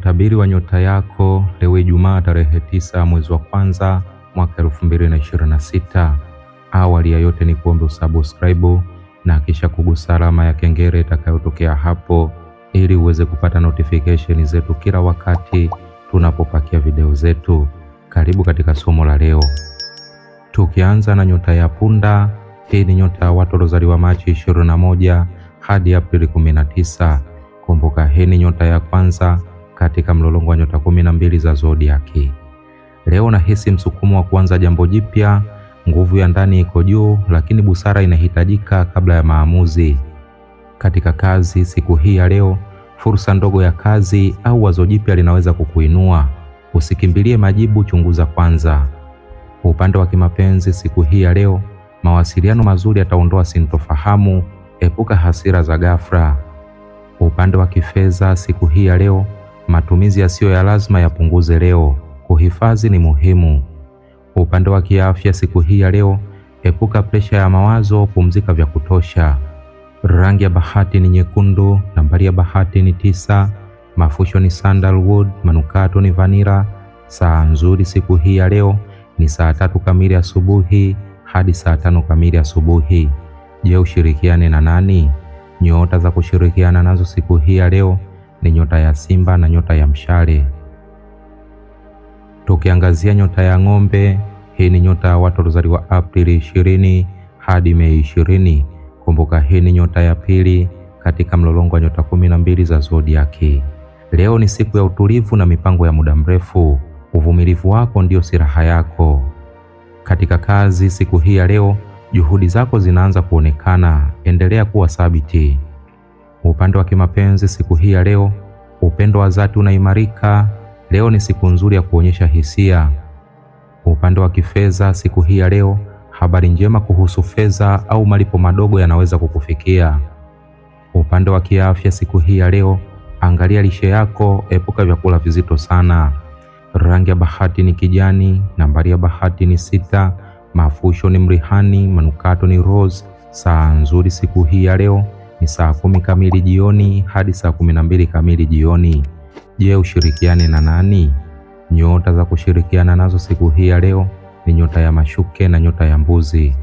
Utabiri wa nyota yako leo Ijumaa tarehe tisa mwezi wa kwanza mwaka 2026. Awali ya yote ni kuombe usubscribe na kisha kugusa alama ya kengele itakayotokea hapo ili uweze kupata notification zetu kila wakati tunapopakia video zetu. Karibu katika somo la leo, tukianza na nyota ya punda. Hii ni nyota ya watu waliozaliwa Machi 21 hadi Aprili 19. Kumbuka, hii ni nyota ya kwanza katika mlolongo wa nyota kumi na mbili za zodiaki. Leo unahisi msukumo wa kuanza jambo jipya, nguvu ya ndani iko juu, lakini busara inahitajika kabla ya maamuzi. Katika kazi siku hii ya leo, fursa ndogo ya kazi au wazo jipya linaweza kukuinua. Usikimbilie majibu, chunguza kwanza. Upande wa kimapenzi siku hii ya leo, mawasiliano mazuri yataondoa sintofahamu. Epuka hasira za ghafla. Upande wa kifedha siku hii ya leo, Matumizi yasiyo ya lazima yapunguze leo. Kuhifadhi ni muhimu. Upande wa kiafya siku hii ya leo, epuka presha ya mawazo, pumzika vya kutosha. Rangi ya bahati ni nyekundu, nambari ya bahati ni tisa, mafusho ni sandalwood, manukato ni vanira. Saa nzuri siku hii ya leo ni saa tatu kamili asubuhi hadi saa tano kamili asubuhi. Je, ushirikiane na nani? Nyota za kushirikiana nazo siku hii ya leo ni nyota ya Simba na nyota ya Mshale. Tukiangazia nyota ya Ng'ombe, hii ni nyota ya watu waliozaliwa Aprili ishirini hadi Mei ishirini. Kumbuka hii ni nyota ya pili katika mlolongo wa nyota kumi na mbili za zodiaki. Leo ni siku ya utulivu na mipango ya muda mrefu. Uvumilivu wako ndio silaha yako katika kazi. Siku hii ya leo, juhudi zako zinaanza kuonekana. Endelea kuwa thabiti. Upande wa kimapenzi siku hii ya leo, upendo wa dhati unaimarika. Leo ni siku nzuri ya kuonyesha hisia. Upande wa kifedha siku hii ya leo, habari njema kuhusu fedha au malipo madogo yanaweza kukufikia. Upande wa kiafya siku hii ya leo, angalia lishe yako, epuka vyakula vizito sana. Rangi ya bahati ni kijani, nambari ya bahati ni sita, mafusho ni mrihani, manukato ni rose. Saa nzuri siku hii ya leo ni saa kumi kamili jioni hadi saa kumi na mbili kamili jioni. Je, ushirikiane na nani? Nyota za kushirikiana nazo siku hii ya leo ni nyota ya mashuke na nyota ya mbuzi.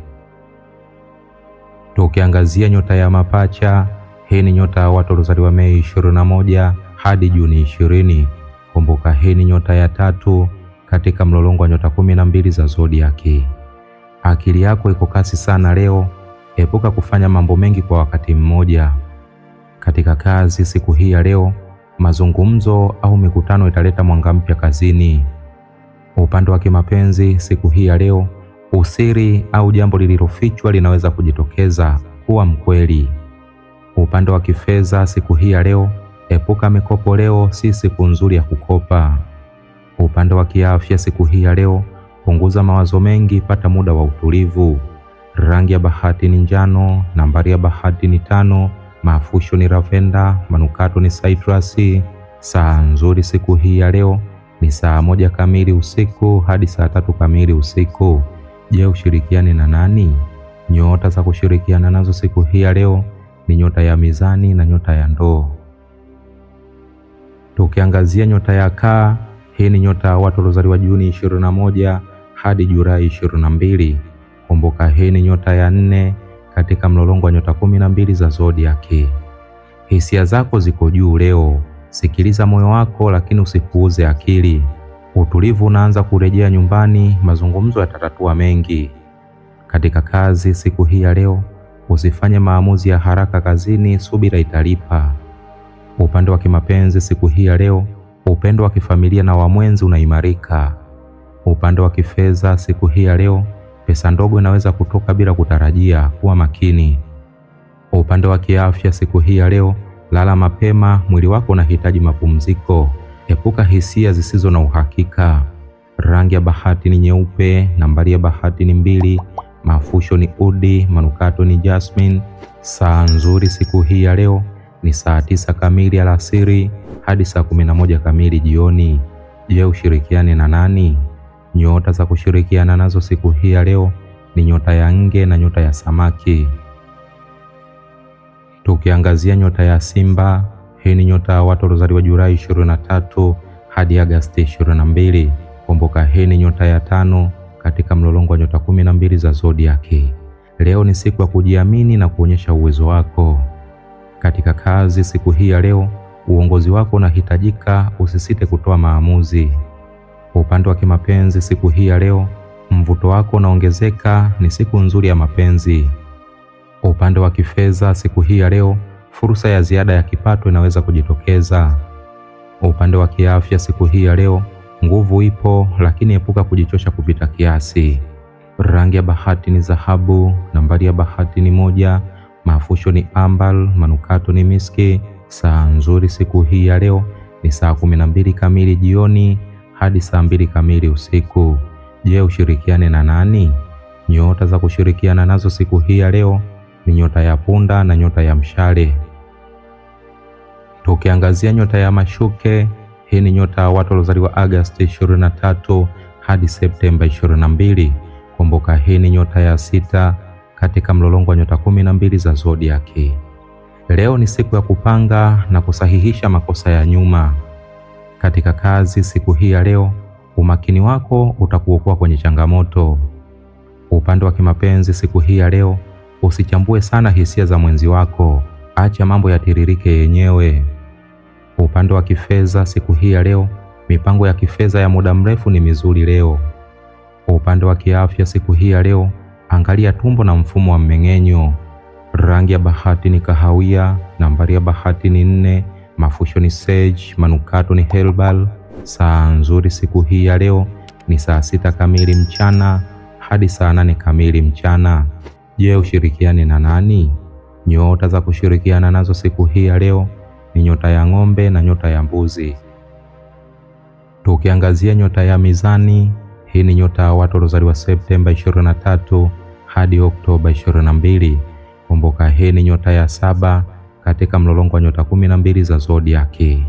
Tukiangazia nyota ya mapacha, hii ni nyota ya watu waliozaliwa Mei ishirini na moja hadi Juni ishirini. Kumbuka, hii ni nyota ya tatu katika mlolongo wa nyota kumi na mbili za zodiaki. Akili yako iko kasi sana leo, Epuka kufanya mambo mengi kwa wakati mmoja. Katika kazi siku hii ya leo, mazungumzo au mikutano italeta mwanga mpya kazini. Upande wa kimapenzi siku hii ya leo, usiri au jambo lililofichwa linaweza kujitokeza. Kuwa mkweli. Upande wa kifedha siku hii ya leo, epuka mikopo. Leo si siku nzuri ya kukopa. Upande wa kiafya siku hii ya leo, punguza mawazo mengi, pata muda wa utulivu. Rangi ya bahati ni njano, nambari ya bahati ni tano, mafusho ni ravenda. manukato ni citrus. Saa nzuri siku hii ya leo ni saa moja kamili usiku hadi saa tatu kamili usiku. Je, ushirikiane na nani? Nyota za kushirikiana nazo siku hii ya leo ni nyota ya mizani na nyota ya ndoo. Tukiangazia nyota ya kaa, hii ni nyota ya watu waliozaliwa Juni 21 hadi Julai 22 ni nyota ya nne katika mlolongo wa nyota kumi na mbili za zodiaki. Hisia zako ziko juu leo, sikiliza moyo wako, lakini usipuuze akili. Utulivu unaanza kurejea nyumbani, mazungumzo yatatatua mengi. Katika kazi siku hii ya leo, usifanye maamuzi ya haraka kazini, subira italipa. Upande wa kimapenzi siku hii ya leo, upendo wa kifamilia na wa mwenzi unaimarika. Upande wa kifedha siku hii ya leo pesa ndogo inaweza kutoka bila kutarajia. Kuwa makini. Kwa upande wa kiafya, siku hii ya leo, lala mapema, mwili wako unahitaji mapumziko. Epuka hisia zisizo na uhakika. Rangi ya bahati ni nyeupe. Nambari ya bahati ni mbili. Mafusho ni udi, manukato ni jasmine. Saa nzuri siku hii ya leo ni saa tisa kamili alasiri hadi saa kumi na moja kamili jioni. Je, ushirikiane na nani? Nyota za kushirikiana nazo siku hii ya leo ni nyota ya nge na nyota ya samaki. Tukiangazia nyota ya Simba, hii ni nyota ya watu waliozaliwa Julai 23 hadi Agasti 22. Kumbuka hii ni nyota ya tano katika mlolongo wa nyota kumi na mbili za zodiaki. Leo ni siku ya kujiamini na kuonyesha uwezo wako katika kazi. Siku hii ya leo, uongozi wako unahitajika, usisite kutoa maamuzi. Kwa upande wa kimapenzi, siku hii ya leo mvuto wako unaongezeka, ni siku nzuri ya mapenzi. Kwa upande wa kifedha, siku hii ya leo fursa ya ziada ya kipato inaweza kujitokeza. Kwa upande wa kiafya, siku hii ya leo nguvu ipo, lakini epuka kujichosha kupita kiasi. Rangi ya bahati ni dhahabu. Nambari ya bahati ni moja. Mafusho ni ambal. Manukato ni miski. Saa nzuri siku hii ya leo ni saa kumi na mbili kamili jioni hadi saa mbili kamili usiku. Je, ushirikiane na nani? Nyota za kushirikiana nazo siku hii ya leo ni nyota ya punda na nyota ya mshale. Tukiangazia nyota ya mashuke, hii ni nyota ya watu waliozaliwa Agosti 23 hadi Septemba 22. Kumbuka hii ni nyota ya sita katika mlolongo wa nyota kumi na mbili za zodiaki. Leo ni siku ya kupanga na kusahihisha makosa ya nyuma katika kazi siku hii ya leo, umakini wako utakuokoa kwenye changamoto. Upande wa kimapenzi siku hii ya leo, usichambue sana hisia za mwenzi wako, acha mambo yatiririke yenyewe. Upande wa kifedha siku hii ya leo, mipango ya kifedha ya muda mrefu ni mizuri leo. Upande wa kiafya siku hii ya leo, angalia tumbo na mfumo wa mmeng'enyo. Rangi ya bahati ni kahawia. Nambari ya bahati ni nne. Mafusho ni sage, manukato ni herbal. Saa nzuri siku hii ya leo ni saa sita kamili mchana hadi saa nane kamili mchana. Je, ushirikiane na nani? Nyota za kushirikiana nazo siku hii ya leo ni nyota ya ng'ombe na nyota ya mbuzi. Tukiangazia nyota ya mizani, hii ni nyota ya watu waliozaliwa Septemba 23 hadi Oktoba 22. Kumbuka, hii ni nyota ya saba katika mlolongo wa nyota kumi na mbili za zodiaki.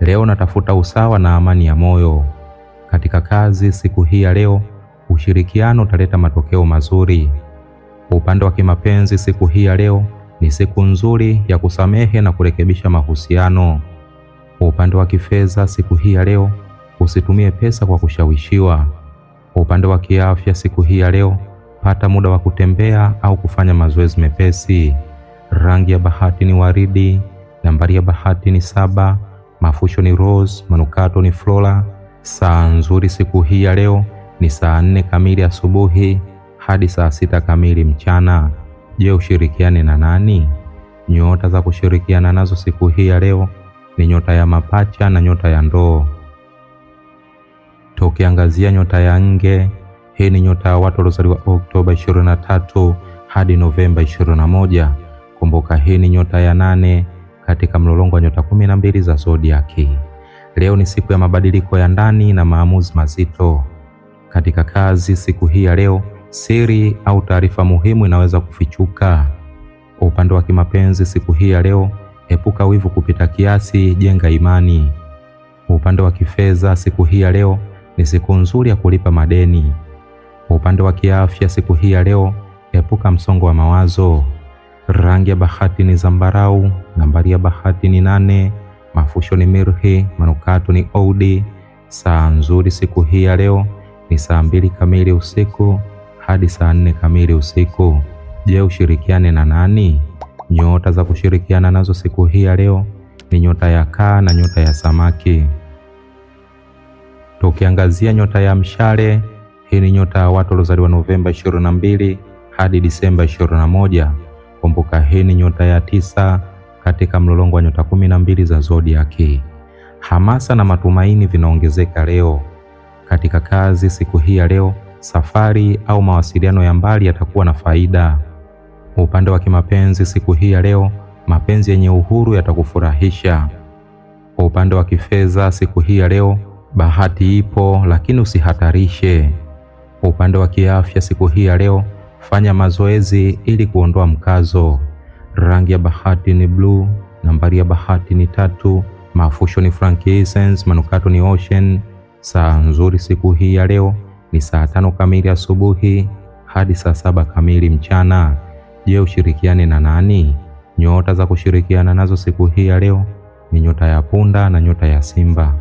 Leo natafuta usawa na amani ya moyo katika kazi. Siku hii ya leo, ushirikiano utaleta matokeo mazuri. Upande wa kimapenzi, siku hii ya leo ni siku nzuri ya kusamehe na kurekebisha mahusiano. Upande wa kifedha, siku hii ya leo, usitumie pesa kwa kushawishiwa. Upande wa kiafya, siku hii ya leo, pata muda wa kutembea au kufanya mazoezi mepesi. Rangi ya bahati ni waridi, nambari ya bahati ni saba, mafusho ni rose, manukato ni flora. Saa nzuri siku hii ya leo ni saa nne kamili asubuhi hadi saa sita kamili mchana. Je, ushirikiane na nani? Nyota za kushirikiana nazo siku hii ya leo ni nyota ya mapacha na nyota ya ndoo. Tukiangazia nyota ya nge, hii ni nyota ya watu waliozaliwa Oktoba 23 hadi Novemba 21. Kumbuka hii ni nyota ya nane katika mlolongo wa nyota kumi na mbili za zodiaki. Leo ni siku ya mabadiliko ya ndani na maamuzi mazito katika kazi. Siku hii ya leo, siri au taarifa muhimu inaweza kufichuka. Upande wa kimapenzi, siku hii ya leo, epuka wivu kupita kiasi, jenga imani. Upande wa kifedha, siku hii ya leo, ni siku nzuri ya kulipa madeni. Upande wa kiafya, siku hii ya leo, epuka msongo wa mawazo. Rangi ya bahati ni zambarau. Nambari ya bahati ni nane. Mafusho ni mirhi. Manukato ni oudi. Saa nzuri siku hii ya leo ni saa mbili kamili usiku hadi saa nne kamili usiku. Je, ushirikiane na nani? Nyota za kushirikiana nazo siku hii ya leo ni nyota ya kaa na nyota ya samaki. Tukiangazia nyota ya mshale, hii ni nyota ya watu waliozaliwa Novemba 22 hadi Disemba 21 ni nyota ya tisa katika mlolongo wa nyota kumi na mbili za zodiaki. Hamasa na matumaini vinaongezeka leo katika kazi. Siku hii ya leo, safari au mawasiliano ya mbali yatakuwa na faida. Upande wa kimapenzi, siku hii ya leo, mapenzi yenye uhuru yatakufurahisha. Upande wa kifedha, siku hii ya leo, bahati ipo, lakini usihatarishe. Upande wa kiafya, siku hii ya leo Fanya mazoezi ili kuondoa mkazo. Rangi ya bahati ni bluu, nambari ya bahati ni tatu, mafusho ni frankincense, manukato ni ocean. Saa nzuri siku hii ya leo ni saa tano kamili asubuhi hadi saa saba kamili mchana. Je, ushirikiane na nani? Nyota za kushirikiana nazo siku hii ya leo ni nyota ya punda na nyota ya simba.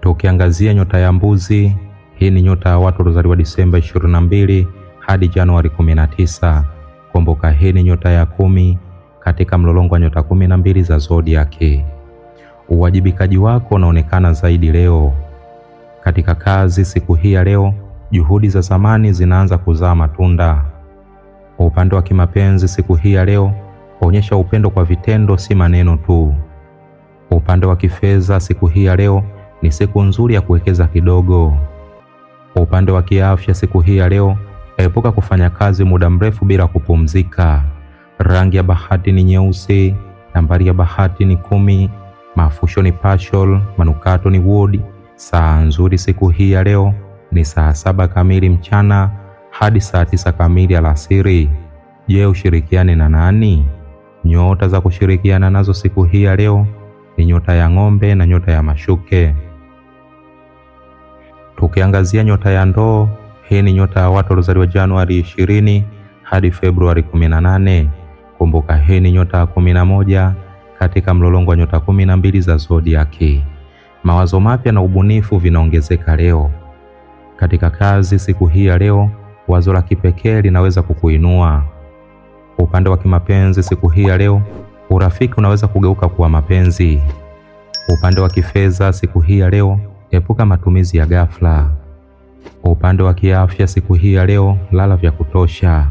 Tukiangazia nyota ya mbuzi, hii ni nyota ya watu waliozaliwa Disemba 22 hadi Januari 19. Kumbuka, hii ni nyota ya kumi katika mlolongo wa nyota kumi na mbili za zodiaki. Uwajibikaji wako unaonekana zaidi leo katika kazi. Siku hii ya leo, juhudi za zamani zinaanza kuzaa matunda. Upande wa kimapenzi, siku hii ya leo, onyesha upendo kwa vitendo, si maneno tu. Upande wa kifedha, siku hii ya leo, ni siku nzuri ya kuwekeza kidogo upande wa kiafya siku hii ya leo, epuka kufanya kazi muda mrefu bila kupumzika. Rangi ya bahati ni nyeusi. Nambari ya bahati ni kumi. Mafusho ni pashol. Manukato ni wood. Saa nzuri siku hii ya leo ni saa saba kamili mchana hadi saa tisa kamili alasiri. Je, ushirikiane na nani? Nyota za kushirikiana nazo siku hii ya leo ni nyota ya ng'ombe na nyota ya mashuke. Tukiangazia nyota ya ndoo, hii ni nyota ya watu waliozaliwa Januari 20 hadi Februari 18. Kumbuka hii ni nyota ya 11 katika mlolongo wa nyota 12 za zodiaki. Mawazo mapya na ubunifu vinaongezeka leo. Katika kazi siku hii ya leo, wazo la kipekee linaweza kukuinua. Upande wa kimapenzi siku hii ya leo, urafiki unaweza kugeuka kuwa mapenzi. Upande wa kifedha siku hii ya leo Epuka matumizi ya ghafla. Kwa upande wa kiafya, siku hii ya leo, lala vya kutosha.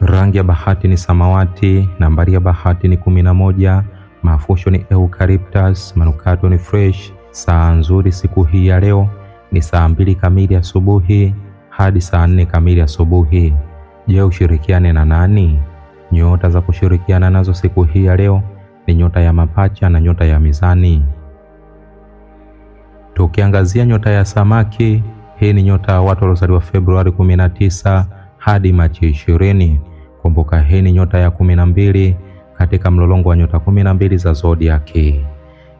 Rangi ya bahati ni samawati. Nambari ya bahati ni kumi na moja. Mafusho ni eucalyptus. Manukato ni fresh. Saa nzuri siku hii ya leo ni saa mbili kamili asubuhi hadi saa nne kamili asubuhi. Je, ushirikiane na nani? Nyota za kushirikiana nazo siku hii ya leo ni nyota ya mapacha na nyota ya mizani. Tukiangazia nyota ya samaki, hii ni nyota ya watu waliozaliwa Februari 19 hadi Machi 20. Kumbuka hii ni nyota ya 12 katika mlolongo wa nyota 12 za zodiac.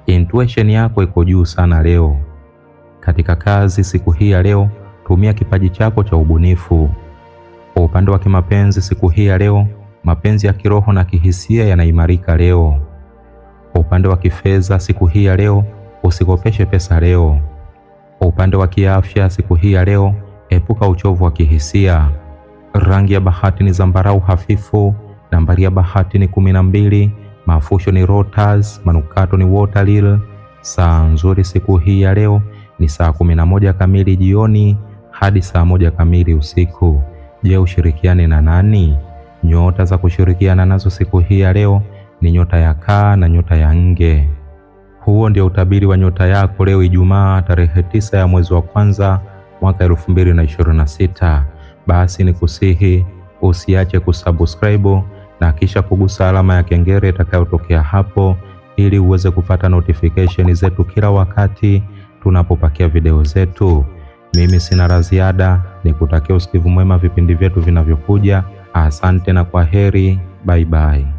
Intuition yako iko juu sana leo. Katika kazi siku hii ya leo, tumia kipaji chako cha ubunifu. Kwa upande wa kimapenzi siku hii ya leo, mapenzi ya kiroho na kihisia yanaimarika leo. Kwa upande wa kifedha siku hii ya leo usikopeshe pesa leo. Kwa upande wa kiafya, siku hii ya leo, epuka uchovu wa kihisia. Rangi ya bahati ni zambarau hafifu. Nambari ya bahati ni kumi na mbili. Mafusho ni rotas, manukato ni water lily. Saa nzuri siku hii ya leo ni saa kumi na moja kamili jioni hadi saa moja kamili usiku. Je, ushirikiane na nani? Nyota za kushirikiana nazo siku hii ya leo ni nyota ya kaa na nyota ya nge. Huo ndio utabiri wa nyota yako leo Ijumaa tarehe tisa ya mwezi wa kwanza mwaka elfu mbili na ishirini na sita. Basi ni kusihi usiache kusubscribe na kisha kugusa alama ya kengele itakayotokea hapo ili uweze kupata notification zetu kila wakati tunapopakia video zetu. Mimi sina la ziada, nikutakia usikivu mwema vipindi vyetu vinavyokuja. Asante na kwa heri, bye bye.